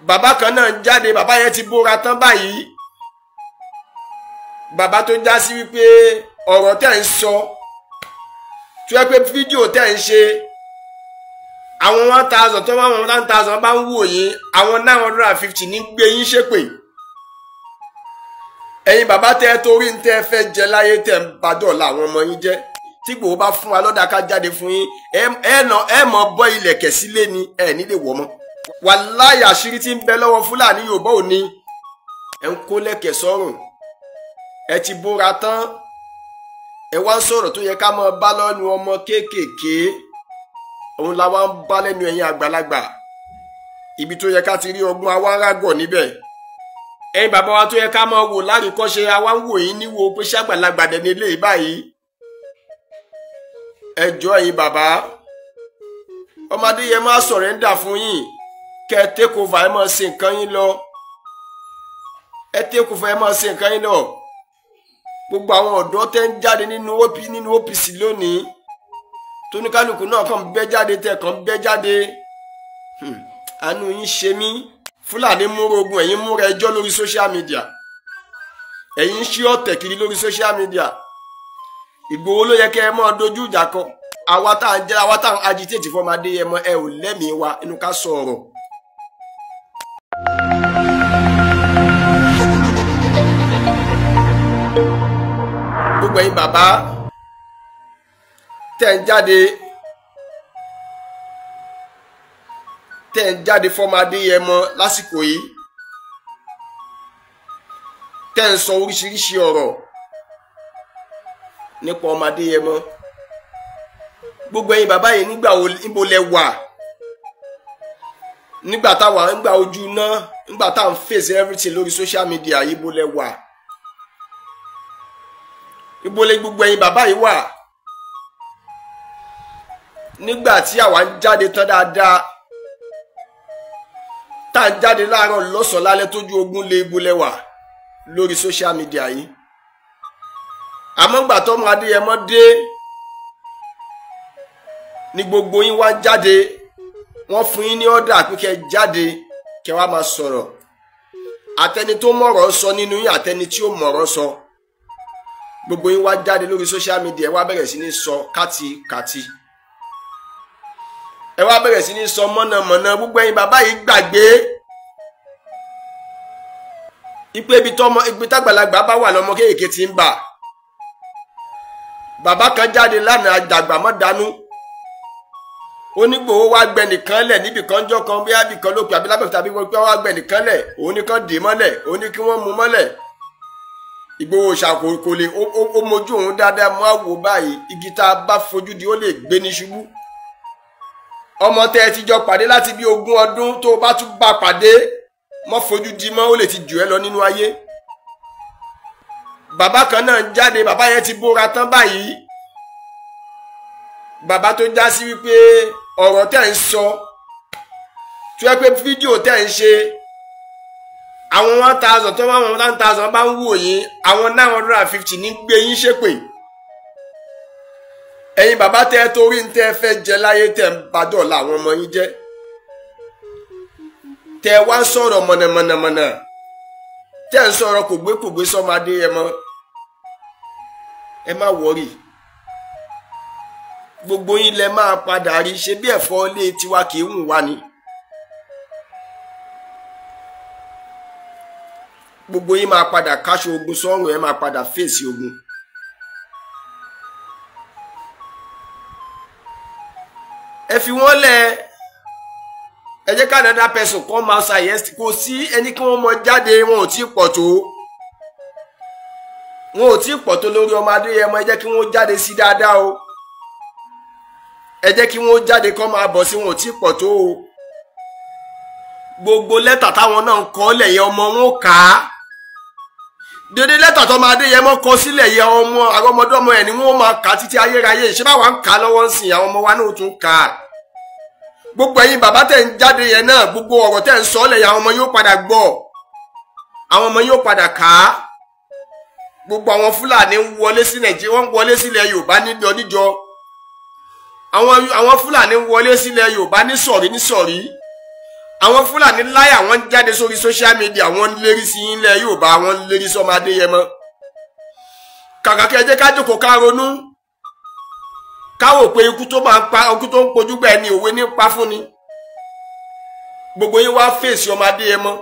Baba kan náà jáde bàbá yẹn ti bóra tán báyìí bàbá tó já sí wípé ọ̀rọ̀ tẹ̀ ń sọ tó yẹ pé fídíò tẹ̀ ń ṣe àwọn one thousand tó bá wọn one thousand bá ń wò yín àwọn nine hundred and fifty ní gbé yín ṣépè ẹ̀yin baba tẹ́ torí ń tẹ́ fẹ́ jẹ láyé tẹ́ ń bá dọ̀la àwọn ọmọ yín jẹ́ tí gbòó bá fún wa lọ́dà ká jáde fún yín ẹ mọ̀ bọ́ ilẹ̀kẹ̀ sílé ni ẹ nílé wọ̀ mọ́ wàláyà àṣírí tí ń bẹ lọ́wọ́ fúlàní yorùbá ò ní ẹ̀ ń kó lẹ́kẹ̀ sọ́rùn ẹ ti bóra tán ẹ wá ń sọ̀rọ̀ tó yẹ ká máa bá lọ́nu ọmọ kéékèèké òun la wá ń bá lẹ́nu ẹ̀yìn àgbàlagbà ibi tó yẹ ká ti rí ọgbọ́n awárágọ̀ níbẹ̀ ẹ̀yin bàbá wa tó yẹ ká máa wò lárìkọ́ṣe àwa ń wò yín níwò pé ṣàgbàlagbà dẹni ilé báyìí ẹjọ́ ẹ̀yin bàbá ọmọdé yẹ má sọ̀rẹ́ńdà fún yín kẹ́ ẹ take over ẹ máa ṣe nǹkan yín lọ ẹ take over ẹ máa ṣe nǹkan yín lọ gbogbo àwọn ọ̀dọ́ tẹ́ ń jáde nínú OPC lónìí tóníkálukú náà kàn bẹ́ jáde tẹ́ kàn bẹ́ jáde hmm, àánú yín ṣe mí fúlàní múra ogun ẹ̀yin múra ẹjọ́ lórí social media ẹ̀yin ṣí ọ̀tẹ̀ kiri lórí social media ìgbòho ló yẹ kẹ́ ẹ máa dojú ìjà kọ àwa tá à ń fọmọdé ẹ mọ ẹ ò lẹ́mìí wa inú ká sọ ọ̀rọ̀ gbogbo ẹ̀yin bàbá tẹ̀ ń jáde tẹ̀ ń jáde fọ́mọ Adéyẹmọ lásìkò yìí tẹ́ ń sọ oríṣiríṣi ọ̀rọ̀ nípa ọmọ Adéyẹmọ gbogbo ẹ̀yin bàbá yìí nígbà níbo lẹ wà nígbà táwa nígbà ojú náà nígbà táwa ń face everything lórí social media yìí bó lẹ wà ibo lè gbogbo ẹ̀yin bàbá yìí wà nígbà tí àwa ń jáde tán dáadáa tá à ń jáde láàárọ̀ lọ́sàn-án lálẹ́ tójú ogun lé ibo lẹ́wà lórí social media yìí àmọ́ gbà tọ́mọ adéyẹmọ dé ni gbogbo yín wá jáde wọ́n fún yín ní ọ́dà pé kẹ́ jáde kẹ́ wá máa sọ̀rọ̀ àtẹni tó mọ̀rọ̀ sọ nínú yín àtẹni tí ó mọ̀rọ̀ sọ. So gbogbo yín wá jáde lórí social media ẹ wá bẹ̀rẹ̀ sí ní sọ kátikàti ẹ wá bẹ̀rẹ̀ sí ní sọ mọ̀nàmọ̀nà gbogbo ẹ̀yin bàbá yìí gbàgbé ipe ibi tọmọ ibi tágbàlagbà bá wà lọmọ kéèké ti ń bà bàbá kan jáde lánàá àdàgbà mọ́ dánú onígbòho wá gbẹ nìkan lẹ̀ níbi kan jọ kan bí abìkan lópin àbí tàbí wọ́n gbẹ nìkan lẹ̀ òun ní kan dè mọ́lẹ̀ òun ní kí wọ́n mú mọ́lẹ̀ Ìgbòho ṣàkókòlè ó mojú òun dáadáa mú àwò báyìí igi tá a bá fojú di ó lè gbé ní ṣubú ọmọ tẹ ẹ ti jọ pàdé láti bí ogún ọdún tó bá tún bá pàdé mọ́ fojú di mọ́ ó lè ti jù ẹ́ lọ nínú ayé bàbá kan náà jáde bàbá yẹn ti bóra tán báyìí bàbá tó já sí wípé ọ̀rọ̀ tẹ̀ ń sọ tó yẹ pé fídíò tẹ̀ ń ṣe àwọn one thousand tó bá wọn one thousand bá ń wò yín àwọn nine hundred and fifty ní gbé yín ṣépè ẹ̀yin bàbá tẹ́ ẹ torí ń tẹ́ ẹ fẹ́ jẹ láyé tẹ́ ń bá dọ̀la àwọn ọmọ yín jẹ́ tẹ́ ẹ wá ń sọ̀rọ̀ mọ̀nàmọ̀nàmọ̀nà tẹ́ ẹ ń sọ̀rọ̀ kògbékògbé sọ́madé ẹ mọ́ ẹ má wọ̀rì gbogbo yín lẹ máa padà rí ṣe bí ẹ̀fọ́ ilé tiwa kì í hùn wá ni. gbogbo yín máa padà káṣọ ogun sọ́run ẹ máa padà fèsì ogun. ẹ fi wọ́n lẹ̀ ẹ jẹ́ ká dada pẹ̀sùn kan máa ṣàyẹ̀sì kò sí ẹni kí wọ́n mọ jáde wọn ò tí ì pọ̀ tó wọn ò tí ì pọ̀ tó lórí ọmọ Adéyẹmọ ẹ jẹ́ kí wọ́n jáde sí dáadáa o ẹ jẹ́ kí wọ́n jáde kọ́ máa bọ̀ sí wọn ò tí pọ̀ tó o gbogbo lẹ́tà táwọn náà ń kọ́ lẹ̀yìn ọmọ wọn ò kà á dédé lẹ́tà tó máa Adéyẹmọ kọ sílẹ̀ yẹ ọmọ àrọmọdọ́mọ ẹ̀ ni wọ́n máa kà títí ayérayé ṣé báwa ń kà lọ́wọ́ ń sìn àwọn ọmọ wa náà tún kà á gbogbo ẹ̀yin bàbá tẹ̀ ń jáde yẹn náà gbogbo ọ̀rọ̀ tẹ̀ ń sọ ọ́ lẹ̀ yẹ àwọn ọmọ yóò padà gbọ́ àwọn ọmọ yóò padà kà á gbogbo àwọn Fúlàní ń wọlé sí Nàìjíríà wọ́n ń wọlé sílẹ̀ Yorùbá níjọ níjọ àwọn Fúlàní ń wọlé sílẹ̀ Yorùbá nísọ̀rí nísọ̀rí àwọn fúlàní láyà wọn ń jáde sórí social media wọn ń lérí sí ilẹ̀ yorùbá wọn ń lérí sọmọ adéyẹmọ kàkà kí ẹ jẹ́ ká jókòó ká ronú káwò pé ikú tó máa ń pa ikú tó ń pojú gbà ẹni òwe ní pa fún ni gbogbo yín wá fèsì ọmọ adéyẹmọ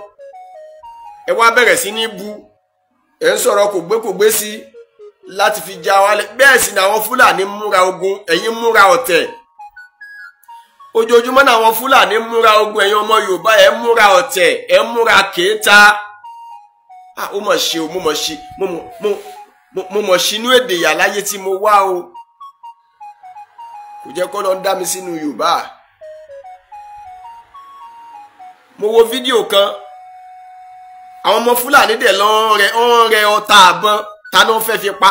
ẹ wá bẹ̀rẹ̀ sí ní bu ẹ ń sọ̀rọ̀ kò gbé kò gbé sí láti fi já wa lẹ bẹ́ẹ̀ sì ni àwọn fúlàní múra ogun ẹ̀yin múra ọ̀tẹ̀ ojoojúmọ́ náà àwọn fúlàní múra ogun ẹ̀yin ọmọ yorùbá ẹ̀ múra ọ̀tẹ̀ ẹ̀ múra kéèta ó mọ̀ ṣe o mo mọ̀ ṣe mo mọ̀ ṣe inú èdè yà láyé tí mo wá o kò jẹ́ kọ́ lọ dá mi sínú yorùbá mo wo fídíò kan àwọn ọmọ fúlàní dẹ̀ lọ́ọ́ rẹ ọ̀tá àbọn ta ló ń fẹ́ fi pa.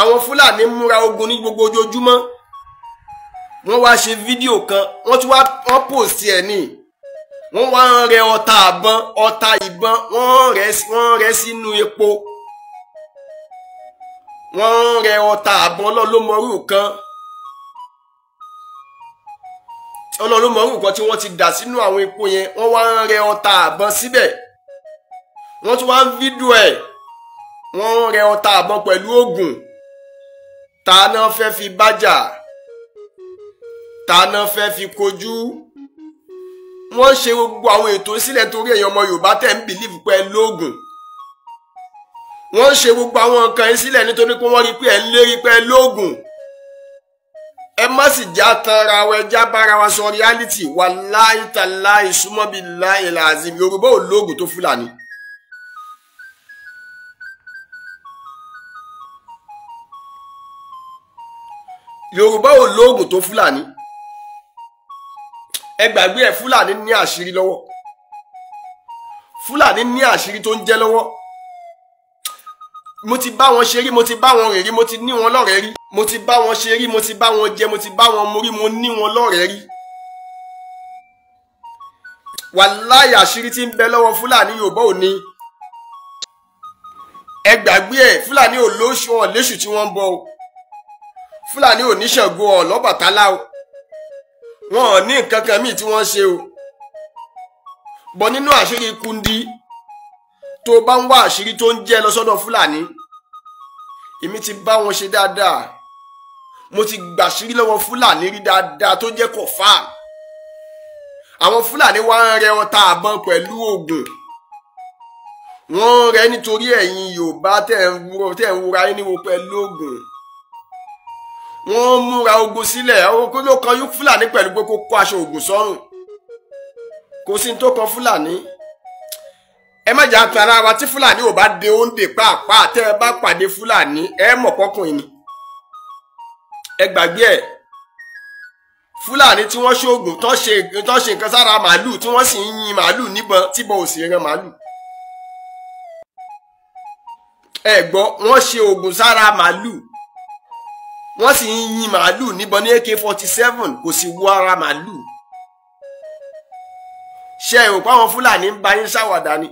àwọn fúlàní múra ogun ní gbogbo ojoojúmọ́ wọ́n wá ṣe fídíò kan wọ́n tún wá wọ́n pòsì ẹ̀ ní wọ́n wá ń rẹ ọta àbọn ọta ìbọn wọ́n rẹ wọ́n rẹ sínú epo wọ́n rẹ ọta àbọn ọlọ́lọ́mọrú kan ọlọ́lọ́mọrú kan tí wọ́n ti dà sínú àwọn epo yẹn wọ́n wá ń rẹ ọta àbọn síbẹ̀ wọ́n tún wá ń fídíò ẹ̀ wọ́n rẹ ọta àbọn pẹ̀lú oògùn taná fẹ́ fi bájà taná fẹ́ fi kojú wọ́n ṣe gbogbo àwọn ètò sílẹ̀ torí ẹ̀yin ọmọ Yorùbá tẹ̀ ń bìlíìfù pé ẹ lóògùn wọ́n ṣe gbogbo àwọn nǹkan yín sílẹ̀ nítorí pé wọ́n rí pé ẹ lérí pé ẹ lóògùn ẹ má sì já tanra wa ẹ já bára wa sọ reality wàláìtàláì súnmọ́bí láìláàzìm Yorùbá ò lóògùn tó Fúlàní. yorùbá ò lóògùn tó fúlàní ẹ gbàgbé ẹ fúlàní ní àṣírí lọ́wọ́ fúlàní ní àṣírí tó ń jẹ lọ́wọ́ mo ti bá wọn ṣe rí mo ti bá wọn rìn rí mo ti ní wọn lọ́rẹ̀ẹ́ rí mo ti bá wọn ṣe rí mo ti bá wọn jẹ mo ti bá wọn mu rí mo ní wọn lọ́rẹ̀ẹ́ rí wàláyà àṣírí tí ń bẹ lọ́wọ́ fúlàní yorùbá ò ní ẹ gbàgbé ẹ fúlàní ò lóṣù léṣù tí wọ́n bọ o fúlàní ò ní Ṣàngó ọ̀ lọ́bàtálá o wọn ò ní nǹkan kan míì tí wọ́n ṣe o bọ́ nínú àṣírí kundi tó bá ń wá àṣírí tó ń jẹ́ lọ́sọ́dọ̀ fúlàní èmi ti bá wọn ṣe dáadáa mo ti gbàṣírí lọ́wọ́ fúlàní rí dáadáa tó jẹ́ kọ̀fà àwọn fúlàní wá ń rẹ ọta àbọn pẹ̀lú oògùn wọ́n ń rẹ nítorí ẹ̀yin yorùbá tẹ̀ ń wúra yín níwo pẹ̀lú oògùn wọ́n múra ogun sílẹ̀ kó ló kan yún fúlàní pẹ̀lú pé kó kó aṣọ ògùn sọ́rùn kò sí ní tó kan fúlàní ẹ má jà tara wa tí fúlàní ò bá de oúnjẹ pàápàá tẹ́ ẹ bá pàdé fúlàní ẹ mọ̀ kọkùnrin ni ẹ gbàgbé ẹ fúlàní tí wọ́n ṣoògùn tó ṣe nǹkan sára màálù tí wọ́n sì ń yin màálù níbọn tíbọn ò sì ran màálù ẹ gbọ́ wọ́n ṣe oògùn sára màálù wọ́n sì ń yin màálù níbọn ní ak forty seven kò sì wọ ara màálù ṣe ò pa àwọn fúlàní ń ba yín ṣàwàdà ni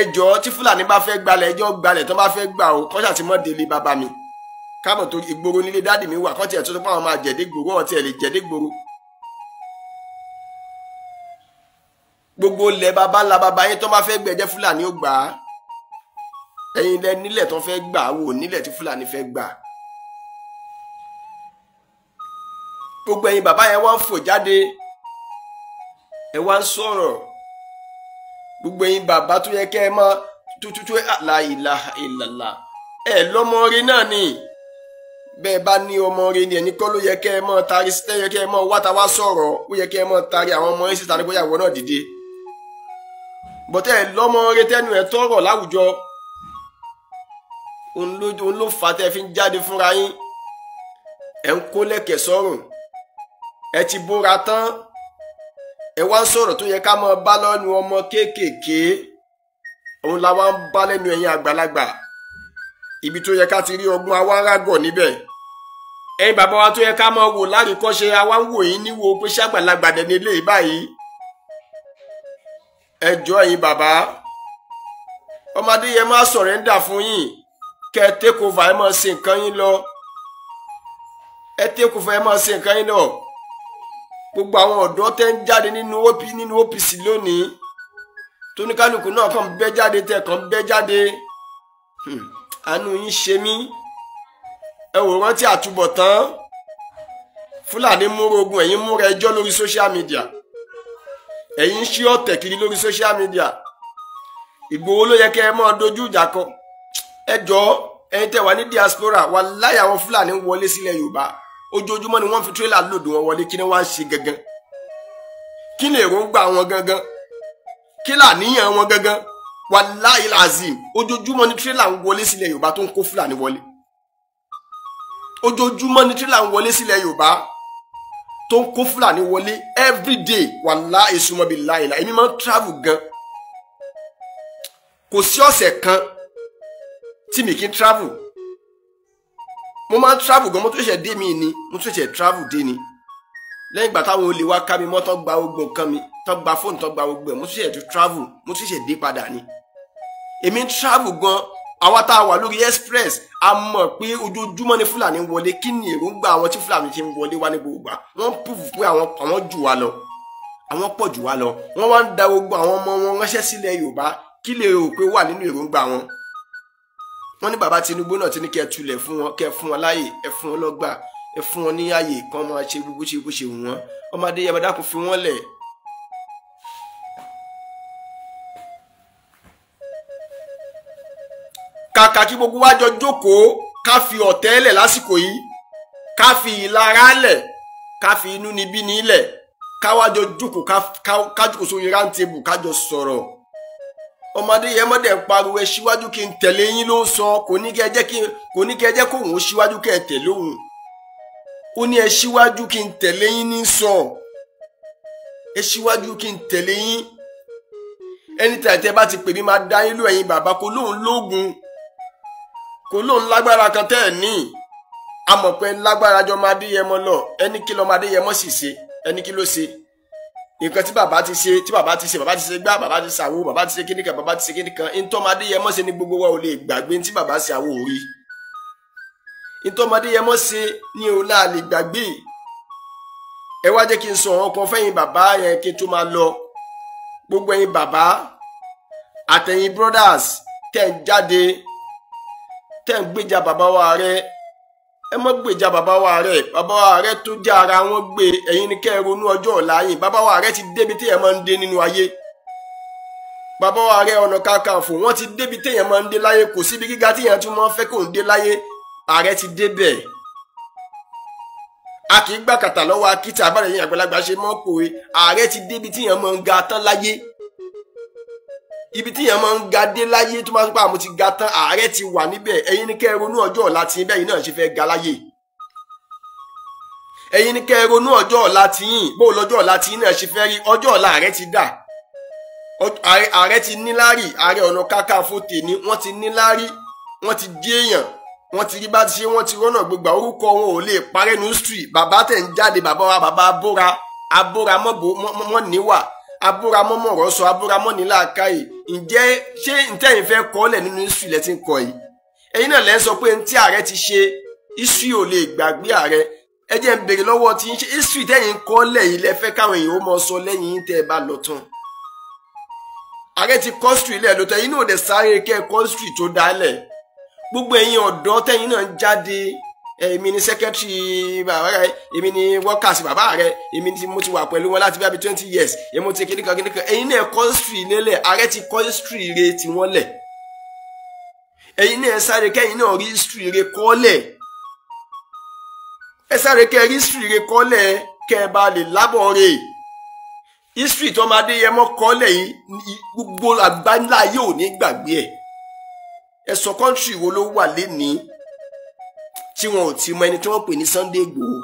ẹjọ́ tí fúlàní bá fẹ́ gbalẹ̀ ẹjọ́ gbalẹ̀ tó bá fẹ́ gbà ó kọ́ ṣàtìmọ́ délé bàbá mi káàbọ̀ tó ìgboro nílé dáàdì mi wà kọ́ tiẹ̀ tuntun fún àwọn máa jẹ̀dé gbòòrò wọn tiẹ̀ lè jẹ̀dé gbòòrò. gbogbo ilẹ̀ baba ńlá baba yín tó bá fẹ́ gbẹ̀jẹ̀ fúlàní ó gbà á ẹ̀yin lẹ nílẹ̀ tó fẹ́ gbà wò nílẹ̀ tí fúlàní fẹ́ gbà gbogbo ẹ̀yin bàbá yẹn wá ń fò jáde ẹ wá ń sọ̀rọ̀ gbogbo ẹ̀yin bàbá tó yẹ kẹ́ ẹ mọ tututu la ilaha illallah ẹ lọ́mọ rí náà ni bẹ́ẹ̀ bá ní ọmọ rí ni ẹni kọ́ ló yẹ kẹ́ ẹ mọ tari síta yẹ kẹ́ ẹ mọ wáta wá sọ̀rọ̀ ó yẹ kẹ́ ẹ mọ tari àwọn ọmọ yín síta nígbà yàwó náà dìde bọ́tẹ́ ẹ lọ́mọ rí tẹ́nu ẹ tọrọ láwùjọ òun ló fà á tẹ́ fi ń jáde fúnra yín ẹ ń kó lẹ̀kẹ̀ sọ́rùn ẹ ti bóra tán ẹ wá ń sọ̀rọ̀ tó yẹ ká máa bá lọ́nu ọmọ kéékèèké òun la wá ń bá lẹ́nu ẹ̀yin àgbàlagbà ibi tó yẹ ká ti rí ọgbọ́n awárágọ̀ níbẹ̀ ẹ̀yin bàbá wa tó yẹ ká máa wò láríkọ́ṣe àwa ń wò yín níwò pé ṣàgbàlagbà dẹni ilé báyìí ẹ ẹ̀yin bàbá ọmọdé yẹ má sọ̀rẹ́ńdà fún yín kẹ take over ẹ máa ṣe nǹkan yín lọ ẹ take over ẹ máa ṣe nǹkan yín lọ gbogbo àwọn ọ̀dọ́ tẹ́ ń jáde nínú OPC nínú OPC lónìí tóníkálukú náà kàn bẹ́ jáde tẹ́ kàn bẹ́ jáde hmm, àánú yín ṣe mí ẹ wò rántí àtúbọ̀tán fúlàní múra ogun ẹ̀yin múra ẹjọ́ lórí social media ẹ̀yin ṣí ọ̀tẹ̀ kiri lórí social media Ìgbòho ló yẹ kẹ́ ẹ máa dojú ìjà kọ ẹ jọ̀ọ́ ẹ̀yin wà ní diaspora wàláhì àwọn fúlàní wọlé sílẹ̀ yorùbá ojoojúmọ́ ni wọ́n fi tírélà lòdù wọn wọlé kí ni wọ́n á ṣe gangan kí ni èròǹgbà wọn gangan kí làníyàn wọn gangan wàláhì azim ojoojúmọ́ ni tírélà ń wọlé sílẹ̀ yorùbá tó ń kó fúlàní wọlé ojoojúmọ́ ni tírélà ń wọlé sílẹ̀ yorùbá tó ń kó fúlàní wọlé everyday wàláhì súnmọ́ bíi láìláì èmi máa ń travel gan kò sí ọ̀sẹ̀ kan tí mi kì í travel mo máa ń travel gan mo tún ṣẹ̀ dé mi ni mo tún ṣẹ̀ travel dé ni lẹ́yìn ìgbà táwọn olè wá ká mi mọ́ tán gba gbogbo nǹkan mi tán gba fóònù tán gba gbogbo ẹ̀ mo tún ṣẹ̀ tún travel mo tún ṣẹ̀ dé padà ni èmi ń travel gan àwa tá a wà lórí express a mọ̀ pé ojoojúmọ́ ni fúlàní wọlé kí ni èròǹgbà àwọn tí fúlàní ṣe ń wọlé wá ní gbogbo wọn pùfù pé àwọn àwọn jù wá lọ àwọn pọ̀ jù wá lọ wọ́n wá ń da gbogbo àwọn ọmọ wọn ránṣẹ́ sílẹ̀ yorùbá kí lè rò pé wà nínú èròǹgbà wọn wọ́n ní bàbá Tinubu náà ti ní kẹ́ tulẹ̀ fún wọn kẹ́ fún wọn láàyè ẹ fún wọn lọ́gbà ẹ fún wọn ní ààyè kan máa ṣe gbogbo ṣe bó ṣe wù wọ́n ọmọdé yẹn kò fi wọ́n lẹ̀ kàkà kí gbogbo wa jọ jókòó ká fi ọ̀tẹ̀ lẹ̀ lásìkò yìí ká fi ìlara lẹ̀ ká fi inú níbí nílẹ̀ ká wá jọ jókòó ká jókòó sórí rántébù ká jọ sọ̀rọ̀ ọmọdé yẹn mọ́dẹ̀ pariwo ẹ síwájú kí n tẹ̀lé yín ló ń sọ kò ní kẹ́ ẹ jẹ́ kóun ó síwájú kẹ́ ẹ tẹ̀lé òun ó ní ẹ síwájú kí n tẹ̀lé yín ní sọ ẹ síwájú kí n tẹ̀lé yín ẹni tàìtẹ́ bá ti pè mí máa dá yín ló ẹ̀yin bàbá kò lóun lóògùn kò lóun lágbára kan tẹ́ ẹ̀ ní amọ̀ lágbára jọ máa dé yẹmọ lọ ẹni kí lọ́ máa dé yẹmọ sì ṣe ẹni kí ló ṣe nǹkan tí bàbá ti ṣe tí bàbá ti ṣe bàbá ti ṣe gbá bàbá ti ṣàwo bàbá ti ṣe kíní kan bàbá ti ṣe kíní kan ntọ́mọdé yẹmọ́ ṣe ni gbogbo wa ò lè gbàgbé tí bàbá ṣe àwo òrí ntọ́mọdé yẹmọ́ ṣe ni ò náà lè gbàgbé ẹ wá jẹ́ kí n sọ ọ̀hún kan fẹ́yìn bàbá yẹn kí n tó máa lọ gbogbo ẹ̀yin bàbá àtẹ̀yin brothers tẹ̀ ń jáde tẹ̀ ń gbèjà bàbá wa rẹ̀ ẹ mọ́ gbèjà bàbá wa rẹ̀ bàbá wa rẹ̀ tó jẹ́ ara wọn gbé ẹ̀yin ni kẹ́ ẹ ronú ọjọ́ ọ̀la yín bàbá wa rẹ̀ ti débi tí ẹ máa ń dé nínú ayé bàbá wa rẹ̀ ọ̀nà kakanfò wọ́n ti débi tí èèyàn máa ń dé láyé kò síbi gíga tí tún máa ń fẹ́ kó ń dé láyé ààrẹ ti débẹ̀ a kì í gbà kàtà lọ́wọ́ akíta abáyẹ̀yìn àgbàlagbà ṣe mọ́ pòwe ààrẹ ti débi tí máa ń ga tán láyé ibi tí yẹn máa ń ga dé láyé tó máa ń pa àmọ́ ti ga tán ààrẹ ti wà níbẹ̀ ẹ̀yin ní kẹ́ ẹ ronú ọjọ́ ọ̀la tí bẹ́ẹ̀ náà ṣe fẹ́ ga láyé ẹ̀yin ní kẹ́ ẹ ronú ọjọ́ ọ̀la tí yìn bó lọ́jọ́ ọ̀la tí yìn náà ṣe fẹ́ rí ọjọ́ ọ̀la ààrẹ ti dà ààrẹ ti níláárí ààrẹ ọ̀nà kakanfò tèmi wọ́n ti níláárí wọ́n ti dé èèyàn wọ́n ti rí bá ti ṣe wọ́n ti rọ́nà gbogbo orúkọ wọn ò lè parẹ́ ní bàbá tẹ̀ ń jáde bàbá wa bàbá abóra abóra mọ́ níwà abúramọ́ mọ̀rọ̀ sọ abúramọ́ ní làákàyè ǹjẹ́ ṣé ntẹ́yìn fẹ́ kọ́lẹ̀ nínú isu ilẹ̀ tí ń kọ yìí ẹ̀yin náà lẹ́ ń sọ pé ntí ààrẹ ti ṣe isu ò lè gbàgbé ààrẹ ẹ jẹ́ ń bèrè lọ́wọ́ tí ń ṣe isu ìtẹ́yìn kọ́lẹ̀ yìí lẹ fẹ́ káwọn èèyàn ó mọ sọ lẹ́yìn tẹ́ ẹ bá lọ tán ààrẹ ti kọ́sùtù ilẹ̀ lọ́tọ̀ ẹ̀yin náà ò dẹ̀ sáré kẹ́ kọ́sùtù tó dálẹ̀ gbogbo ẹ̀yin ọ̀dọ́ tẹ́yìn náà jáde èmi ni secretary bàbá rẹ èmi ni workers bàbá rẹ èmi ni mo ti wà pẹ̀lú wọn láti bí twenty years èmi ti kíníkan kíníkan ẹ̀yin náà kọ́ history lélẹ̀ ààrẹ ti kọ́ history re tiwọn lẹ̀ ẹ̀yin náà sáré kẹ́yìn náà rí history re kọ́lẹ̀ ẹ sáré kẹ́ rí history re kọ́lẹ̀ kẹ́ ẹ bá lè lábọ̀ rẹ̀ history tó máa dé yẹmọ́ kọ́lẹ̀ yìí gbogbo àgbáńlá yóò ní gbàgbé ẹ̀ ẹ sọ country wo ló wà lénìí tí wọn ò ti mọ ẹni tí wọ́n pè ní Sunday Igboho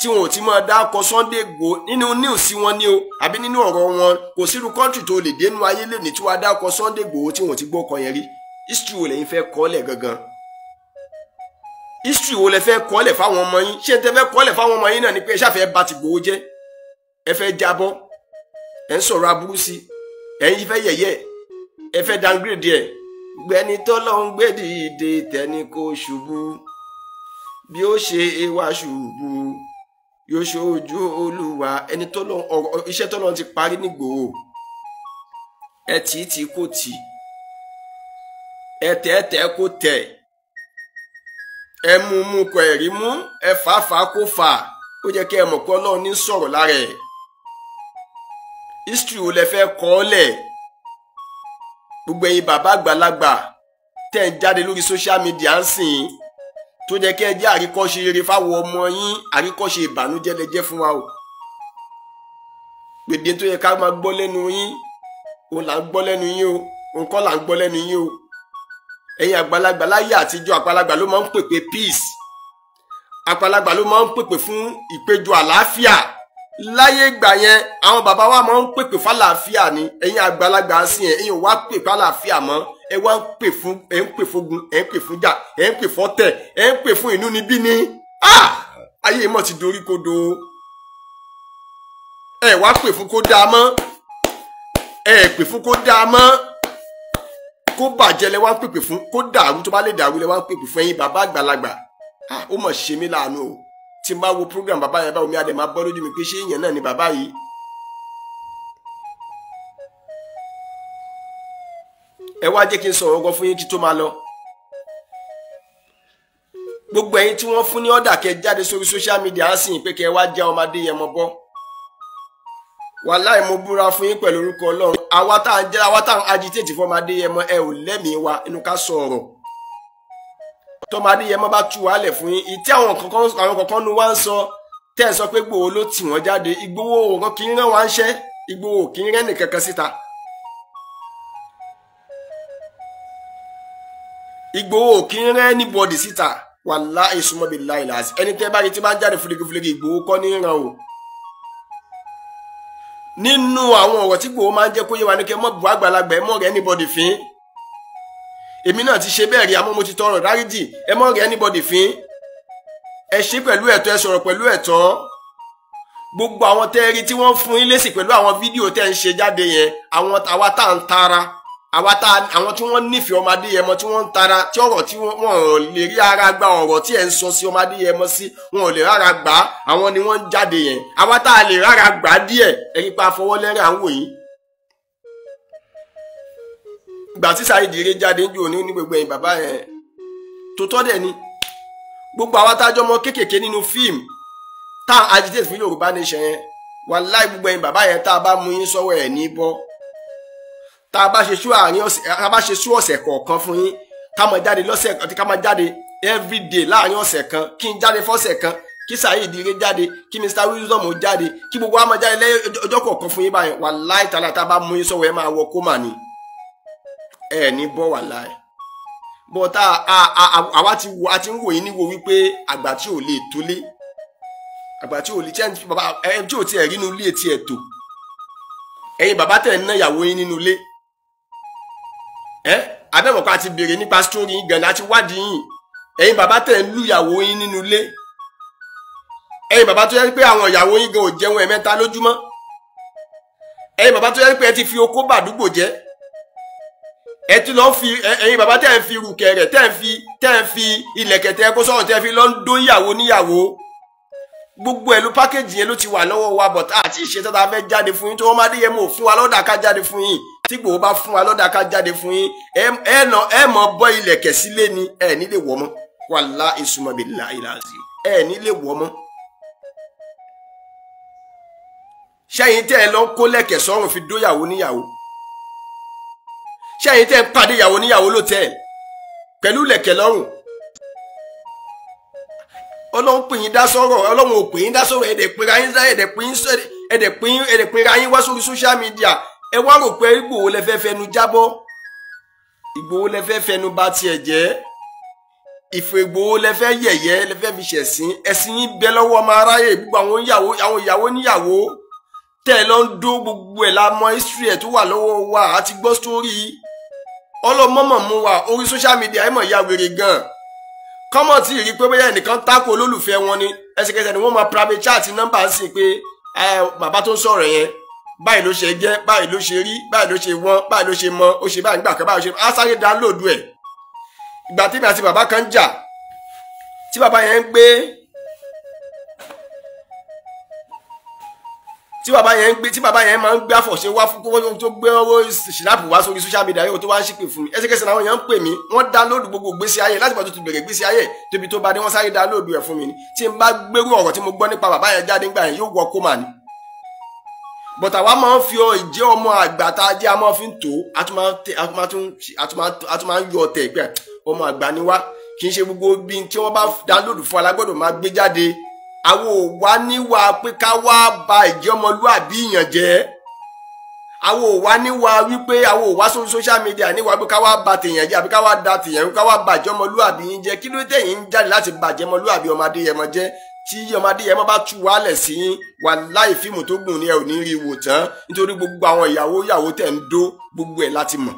tí wọn ò ti máa dákọ Sunday Igboho nínú news wọn ni o àbí nínú ọ̀rọ̀ wọn kò sírú kọ́ńtì tó lè dénú ayé lónìí tí wọ́n á dákọ Sunday Igboho tí wọn ò ti gbọ́ ọkọ yẹn rí history wo lẹ́yìn fẹ́ kọ́ lẹ̀ gangan history wo lẹ fẹ́ kọ́lẹ̀ fáwọn ọmọ yín ṣé tẹ fẹ́ kọ́lẹ̀ fáwọn ọmọ yín náà ni pé ẹ ṣàfẹ́ bá ti gbòó jẹ́ ẹ fẹ́ jábọ́ ẹ ń sọ̀rọ̀ aburú sí ẹ ń fẹ́ yẹ̀yẹ́ ẹ fẹ́ downgrade ẹ̀ gbẹni tọ́lọ́hun gbé dìde tẹni kò ṣubú bí ó ṣe ewa ṣubú yóò ṣojú olúwa ẹni tọ́lọ́hun ọ̀rọ̀ iṣẹ́ tọ́lọ́hun ti parí nígbòho ẹtì tí kò tì ẹtẹẹtẹ kò tẹ ẹmu mu kọ ẹrí mú ẹfàáfà kò fà ó jẹ́ kí ẹ mọ̀ pé ní sọ̀rọ̀ lára ẹ̀ history wo lẹ fẹ́ kọ ọ lẹ̀ gbogbo ẹ̀yin bàbá àgbàlagbà tẹ̀ ń jáde lórí social media ń sìn tó jẹ́ kí ẹ jẹ́ àríkọ́ṣe rere fáwọn ọmọ yín àríkọ́ṣe ìbànújẹ́ lẹ jẹ́ fún wa o gbèdé tó yẹ ká máa gbọ́ lẹ́nu yín òun là ń gbọ́ lẹ́nu yín o òun kọ́ là ń gbọ́ lẹ́nu yín o ẹ̀yin àgbàlagbà láyé àtijọ́ àgbàlagbà ló máa ń pèpè peace àgbàlagbà ló máa ń pèpè fún ìpéjọ àlàáfíà láyé ìgbà yẹn àwọn bàbá wa máa ń pèpè fàlàáfíà ni ẹ̀yin àgbàlagbà sí yẹn ẹ̀yin ò wá pè fàlàáfíà mọ́ ẹ wá ń pè fún ẹ ń pè fógun ẹ ń pè fún jà ẹ ń pè fọ́tẹ̀ ẹ ń pè fún inúnibí ni ah! ayé mọ̀ ti dorí kodo ẹ wá pè fún kó dáa mọ́ ẹ pè fún kó dáa mọ́ kó bàjẹ́ lẹ wá ń pèpè fún kó dàrú tó bá lè dàrú lẹ wá ń pèpè fún ẹ̀yin bàbá àgbàlagbà ah! ó mọ̀ ṣe mí láàánú o tí n bá wo program bàbá yẹn báwo mi àdè máa bọ́ lójú mi pé ṣé èèyàn náà ni bàbá yìí. ẹ wá jẹ́ kí n sọ̀rọ̀ ọgọ́ fún yín kí tó máa lọ. gbogbo ẹ̀yin tí wọ́n fún ní ọ̀dà kẹ jáde sórí social media á sì pé kẹ wá já ọmọdé yẹn mọ bọ́. wàláì mo búra fún yín pẹ̀lú orúkọ ọlọ́run àwa tá à ń agitate fọmọdé yẹn mọ ẹ ò lẹ́mìí wa inú ká sọ̀rọ̀ tọmọ adéyẹmọ bá tú wàhálẹ̀ fún yín ìtí àwọn kankan àwọn kankan nu wá ń sọ tẹ́ ẹ sọ pé gbòó ló tì wọ́n jáde ìgbowó òkan kì í rán wá ń ṣẹ́ kì í rán nìkankan síta. ìgbowó kì í rán anybody síta wàlá ìsúnmọ́bi láìláàsì ẹni tẹ́ bá tí bá ń jáde fúlegifúlegi ìgbowó kọ́ ní ràn o nínú àwọn ọ̀rọ̀ tí gbòó máa ń jẹ́ kó yé wa ní kẹ́ mọ́ bu àgbàlagbà ẹ̀ mọ́ rẹ̀ anybody fín èmi náà ti ṣe bẹ́ẹ̀ rí àmọ́ mo ti tọrọ dáríjì ẹ mọ́ rẹ anybody fín ẹ ṣe pẹ̀lú ẹ̀tọ́ ẹ sọ̀rọ̀ pẹ̀lú ẹ̀tọ́ gbogbo àwọn tẹ́ẹ̀rí tí wọ́n fún yín lésì pẹ̀lú àwọn fídíò tẹ́ ń ṣe jáde yẹn àwọn àwa tá ń tara àwa tá àwọn tí wọ́n nífẹ̀ẹ́ ọmọ Adéyẹmọ tí wọ́n ń tara tí ọ̀rọ̀ tí wọ́n ò lè rí ara gba ọ̀rọ̀ tí ẹ̀ ń sọ sí ọmọ Adéyẹmọ sí wọn ò lè rárá gbà á àwọn ni wọ́n ń jáde yẹn àwa tá a lè rárá gbà á díẹ̀ ẹ̀yin pa afọwọ́lẹ́rìn à ń ìgbà tí Saheed Ire jáde ju òní ní gbogbo ẹ̀yìn bàbá yẹn tó tọ́ dẹ̀ ni gbogbo àwa tájọ́ mọ kéékèèké nínú fíìmù tá a agitate fún Yorùbá nation yẹn wàláì gbogbo ẹ̀yìn bàbá yẹn tá a bá mú yín sọ́wọ́ ẹ̀ ní bọ́ tá a bá ṣe sú àárín ọ̀sẹ̀ tá a bá ṣe sú kọ̀ọ̀kan fún yín ká máa jáde lọ́sẹ̀ àti ká máa jáde everyday láàárín ọ̀sẹ̀ kan kí n jáde fọ́sẹ̀ kan kí Saheed Ire jáde kí Mr Wisdom jáde kí gbogbo wa máa jáde lẹ́yìn ọjọ́ kọ̀ọ̀kan fún yín báyẹn wàláì tààlà tá a bá mú yín sọ́wọ́ ẹ máa wọ kó mà ni ẹ ní bọ́ wà láì but àwa ti wo a ti ń wò yín níwò wípé àgbà tí ò lè tólé àgbà tí ò lè tí ẹni tí ò tiẹ̀ rí inú ilé ti ẹ̀ tò ẹ̀yin bàbá tẹ̀ ń ná ìyàwó yín nínú ilé ẹ abẹ́mọ̀kọ́ àti béèrè nípa sítórí yín gan-an àti wádìí yín ẹ̀yin bàbá tẹ̀ ń lù ìyàwó yín nínú ilé ẹ̀yin bàbá tó yẹ pé àwọn ìyàwó yín gan ò jẹun ẹ̀mẹ́ta lójúmọ́ ẹ̀yin bàbá tó yẹ pé ẹ ti fi okó bàdúgbò jẹ́ ẹ ti lọ fi ẹyin bàbá tẹ́ ẹ fi rùkẹ̀ rẹ̀ tẹ́ ẹ fi tẹ́ ẹ fi ilẹ̀kẹ̀ tẹ́ ẹ kó sọ̀rọ̀ tẹ́ ẹ fi lọ ń dó ìyàwó níyàwó gbogbo ẹ̀ ló pákéjì yẹn ló ti wà lọ́wọ́ wa bọ̀ tá àti ìṣètò tá a fẹ́ jáde fún yín tó wọ́n má dé yẹn mò fún wa lọ́dà ká jáde fún yín tí gbòó bá fún wa lọ́dà ká jáde fún yín ẹ nà ẹ mọ bọ́ ilẹ̀kẹ̀ sílé ni ẹ nílé wọ̀ mọ́ wàlá ìsúmọ̀bì láìláàzì ẹ nílé wọ̀ mọ́. sẹ́yìn tẹ́ ẹ lọ kó lẹ̀kẹ̀ sọ́run fi dóyàwó níyàwó ẹ̀yin tẹ́ ń pàdé ìyàwó níyàwó lọ́tẹ̀ẹ̀lì pẹ̀lú lẹ̀kẹ̀ lọ́rùn ọlọ́run pè yín dá sọ́rọ̀ ọlọ́run ò pè yín dá sọ́rọ̀ ẹ̀dẹ̀ pinra yín sá ẹ̀dẹ̀ pin ẹ̀dẹ̀ pin ẹ̀dẹ̀ pinra yín wá sórí social media ẹ wá rò pé Ìgbòho lẹ fẹ́ fẹnu jábọ́ Ìgbòho lẹ fẹ́ fẹnu bà tiẹ̀ jẹ́ ìfẹ́ Ìgbòho lẹ fẹ́ yẹ̀yẹ́ lẹ fẹ́ fi ṣẹ̀sín ẹ̀sìn yín bẹ lọ́wọ́ ọmọ aráyè gbogbo àwọn ìyàwó àwọn ìyàwó níyàwó tẹ́ ẹ lọ ń dó gbogbo ẹ̀ la mọ history ẹ̀ tó wà lọ́wọ́ wa àti gbọ́ story ọlọmọmọ mú wa orí social media ẹ mọ̀ ya wèrè gan-an kọ́mọ̀ tí ì rí pé bóyá ẹnìkan tako olólùfẹ́ wọn ni ẹsẹ̀kẹsẹ̀ ni wọ́n máa private chat nọ́mbà sí pé bàbá tó ń sọ̀rọ̀ yẹn báyìí ló ṣe jẹ́ báyìí ló ṣe rí báyìí ló ṣe wọ́n báyìí ló ṣe mọ ó ṣe báyìí gbà kan báyìí ó ṣe á sáré download ẹ̀ ìgbà tí mi àti bàbá kan jà tí bàbá yẹn ń gbé tí bàbá yẹn ń gbé tí bàbá yẹn máa ń gbé àfọ̀ṣe wá fún kó tó gbé owó ṣìláàpù wá sórí social media yóò tó wá ń ṣìpè fún mi ẹsẹ̀kẹsẹ̀ làwọn èèyàn ń pè mí wọ́n dá lóòdù gbogbo gbèsè ayé láti bọ̀ tó ti bẹ̀rẹ̀ gbèsè ayé tóbi tó bá dé wọ́n sáré dá lóòdù ẹ̀ fún mi ni tí n bá gbérú ọ̀rọ̀ tí mo gbọ́ nípa bàbá yẹn jáde ńgbà yẹn yóò wọ kóma ni. bọ̀tà wa máa ń fi ìjẹ́ ọmọ àgbà tá a jẹ́ a máa fi ń tó àwọn ò wá níwà pé ká wá ba ìjọmọlúàbí ìyàn jẹ́ àwọn ò wá níwà wípé àwọn ò wá sórí social media níwà pé ká wá ba tèèyàn jẹ́ àbí ká wá da tèèyàn ká wá ba ìjọmọlúàbí yín jẹ́ kí ló tẹ̀yìn ń jáde láti ba ìjọmọlúàbí ọmọdé yẹmọ jẹ́ tí ọmọdé yẹn bá tú wálẹ̀ sí wà láì fíìmù tó gùn ní ẹ ò ní rí wò nítorí gbogbo àwọn ìyàwó ìyàwó tẹ̀ ń dó gbogbo ẹ̀ láti mọ̀.